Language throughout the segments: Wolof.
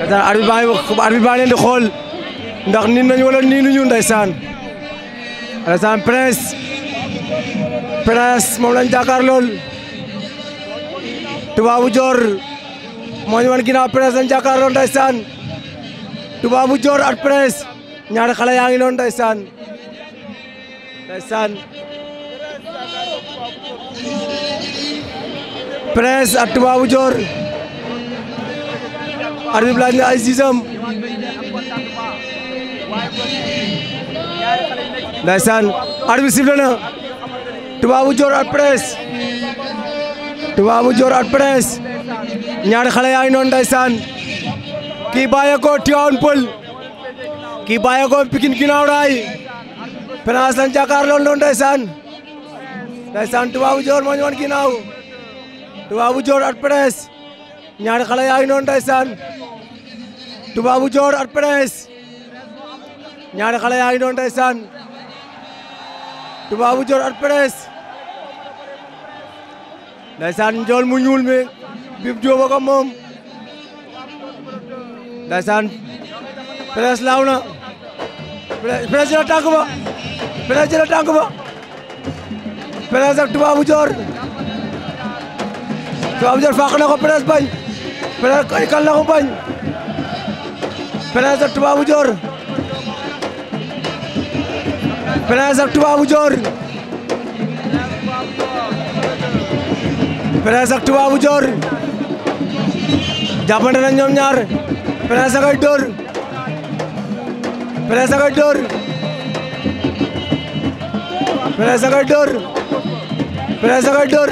ndeysaan arbitre baa ngi arbitre baa ngi leen di xool ndax niin nañu wala niinuñu ndeysaan ndeysaan prince prince moom lañ jàkkaar lool tubaabu joor moo ñu wan ginnaaw prince lañ jàkkaar lool ndeysaan tubaabu joor ak prince ñaari xale yaa ngi noonu ndeysaan ndeysaan prince ak tubaabu joor arbitre bi laaj na ay siisam ndaysaan arbitre sifflé na tubaabu joor at presse tubaabu joor at presse ñaari xale yaa ngi noonu ndaysaan kii bàyyeekoo Tivaouane Peulh kii bàyyeekoo Pikine ginnaaw raay Penaas lañ jàkkaarloo noonu ndaysaan ndaysaan tubaabu joor moo ñu woon ginnaaw tubaabu joor at ñaari xale yaa ngi noonu ndeysaan tubaabu joor ak prince ñaari xale yaa ngi noonu ndeysaan tubaabu joor ak prince ndeysaan njool mu ñuul mi bib jóoba ko moom ndeysaan prince laaw na prince jëla tànk ba prince jëla tànk ba prince ak tubaabu joor tubaabu joor fàq na ko prince Prince kan la ko bañ Prince ak Toubabou Dior Prince ak Toubabou Dior Prince ak Toubabou Dior jàppante na ñoom ñaar Prince a koy dóor Prince a koy dóor Prince a koy dóor Prince a koy dóor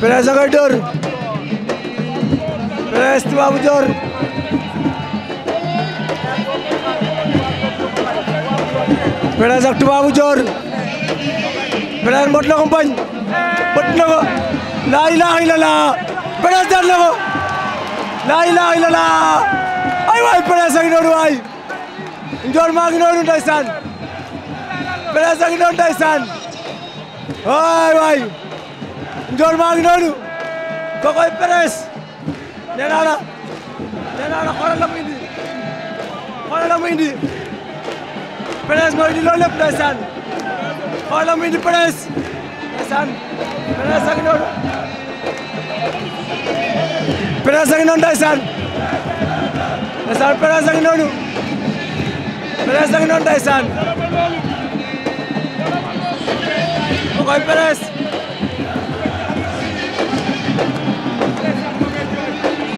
Prince a koy dóor Thiès Toubabou Dior Pélez ak Toubabou Dior Pélez mbot na ko mbañ mbot na ko laa ilaaha illallah Pélez daan na ko laa ilaaha illallah ay waay Pélez a ngi noonu waay Ndiol maa ngi noonu ndeysaan Pélez a ngi noonu ndeysaan waay waay Ndiol maa ngi noonu ko koy Pélez nee naa la nee naa la xoolal mu indi xoolal la mooy indi loolu lépp ndeysaan xoolal la mu indi Prince ndeysaan Prince ak noonu Prince ak noonu ndeysaan ndeysaan Prince ak noonu Prince ak noonu ndeysaan koy Prince